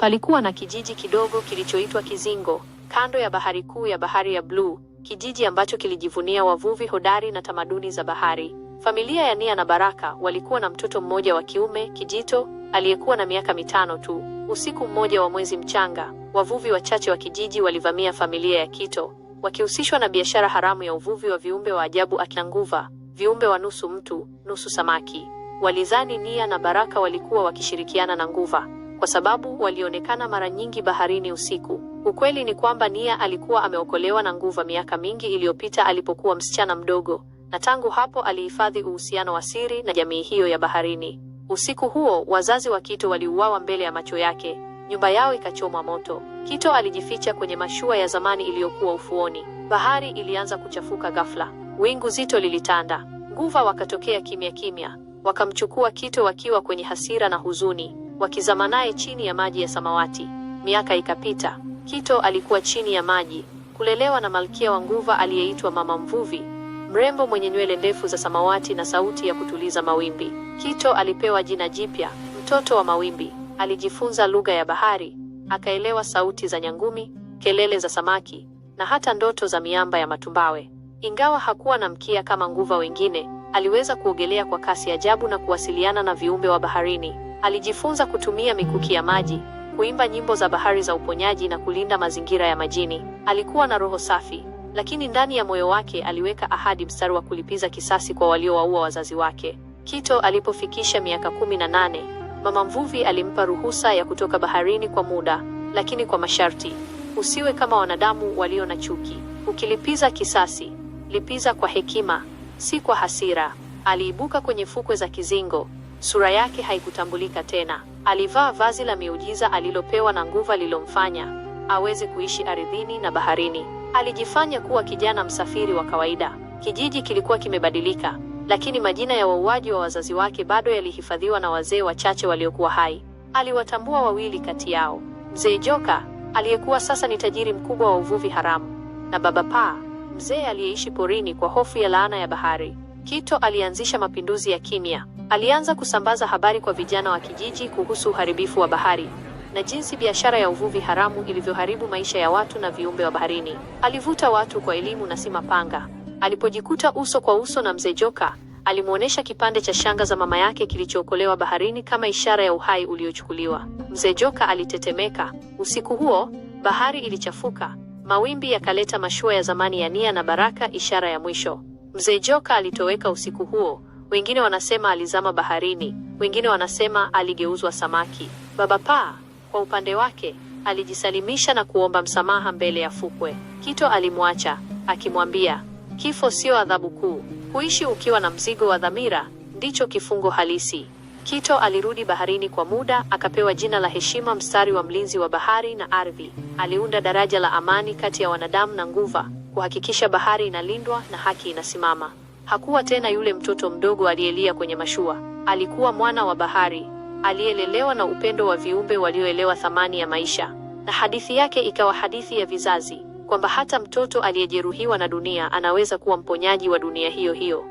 Palikuwa na kijiji kidogo kilichoitwa Kizingo, kando ya bahari kuu ya bahari ya bluu, kijiji ambacho kilijivunia wavuvi hodari na tamaduni za bahari. Familia ya Nia na Baraka walikuwa na mtoto mmoja wa kiume, Kijito, aliyekuwa na miaka mitano tu. Usiku mmoja wa mwezi mchanga, wavuvi wachache wa kijiji walivamia familia ya Kito, wakihusishwa na biashara haramu ya uvuvi wa viumbe wa ajabu akina nguva, viumbe wa nusu mtu, nusu samaki. Walizani Nia na Baraka walikuwa wakishirikiana na nguva kwa sababu walionekana mara nyingi baharini usiku. Ukweli ni kwamba Nia alikuwa ameokolewa na Nguva miaka mingi iliyopita alipokuwa msichana mdogo, na tangu hapo alihifadhi uhusiano wa siri na jamii hiyo ya baharini. Usiku huo wazazi wa Kito waliuawa mbele ya macho yake, nyumba yao ikachomwa moto. Kito alijificha kwenye mashua ya zamani iliyokuwa ufuoni. Bahari ilianza kuchafuka ghafla, wingu zito lilitanda. Nguva wakatokea kimya kimya, wakamchukua Kito wakiwa kwenye hasira na huzuni wakizama naye chini ya maji ya samawati. Miaka ikapita. Kito alikuwa chini ya maji, kulelewa na malkia wa nguva aliyeitwa Mama Mvuvi, mrembo mwenye nywele ndefu za samawati na sauti ya kutuliza mawimbi. Kito alipewa jina jipya, mtoto wa mawimbi. Alijifunza lugha ya bahari, akaelewa sauti za nyangumi, kelele za samaki na hata ndoto za miamba ya matumbawe. Ingawa hakuwa na mkia kama nguva wengine, aliweza kuogelea kwa kasi ajabu na kuwasiliana na viumbe wa baharini. Alijifunza kutumia mikuki ya maji, kuimba nyimbo za bahari za uponyaji na kulinda mazingira ya majini. Alikuwa na roho safi, lakini ndani ya moyo wake aliweka ahadi, mstari wa kulipiza kisasi kwa waliowaua wazazi wake. Kito alipofikisha miaka kumi na nane, mama mvuvi alimpa ruhusa ya kutoka baharini kwa muda, lakini kwa masharti: usiwe kama wanadamu walio na chuki. Ukilipiza kisasi, lipiza kwa hekima, si kwa hasira. Aliibuka kwenye fukwe za Kizingo Sura yake haikutambulika tena. Alivaa vazi la miujiza alilopewa na nguva lilomfanya aweze kuishi ardhini na baharini. Alijifanya kuwa kijana msafiri wa kawaida. Kijiji kilikuwa kimebadilika, lakini majina ya wauaji wa wazazi wake bado yalihifadhiwa na wazee wachache waliokuwa hai. Aliwatambua wawili kati yao, Mzee Joka aliyekuwa sasa ni tajiri mkubwa wa uvuvi haramu, na Baba Pa, mzee aliyeishi porini kwa hofu ya laana ya bahari. Kito alianzisha mapinduzi ya kimya Alianza kusambaza habari kwa vijana wa kijiji kuhusu uharibifu wa bahari na jinsi biashara ya uvuvi haramu ilivyoharibu maisha ya watu na viumbe wa baharini. Alivuta watu kwa elimu na si mapanga. Alipojikuta uso kwa uso na mzee Joka, alimwonyesha kipande cha shanga za mama yake kilichookolewa baharini kama ishara ya uhai uliochukuliwa. Mzee Joka alitetemeka. Usiku huo bahari ilichafuka, mawimbi yakaleta mashua ya zamani ya Nia na Baraka, ishara ya mwisho. Mzee Joka alitoweka usiku huo wengine wanasema alizama baharini, wengine wanasema aligeuzwa samaki. Baba Paa kwa upande wake alijisalimisha na kuomba msamaha mbele ya fukwe. Kito alimwacha akimwambia, kifo sio adhabu kuu, kuishi ukiwa na mzigo wa dhamira ndicho kifungo halisi. Kito alirudi baharini kwa muda, akapewa jina la heshima, mstari wa mlinzi wa bahari na ardhi. Aliunda daraja la amani kati ya wanadamu na nguva, kuhakikisha bahari inalindwa na haki inasimama. Hakuwa tena yule mtoto mdogo aliyelia kwenye mashua. Alikuwa mwana wa bahari aliyelelewa na upendo wa viumbe walioelewa thamani ya maisha, na hadithi yake ikawa hadithi ya vizazi, kwamba hata mtoto aliyejeruhiwa na dunia anaweza kuwa mponyaji wa dunia hiyo hiyo.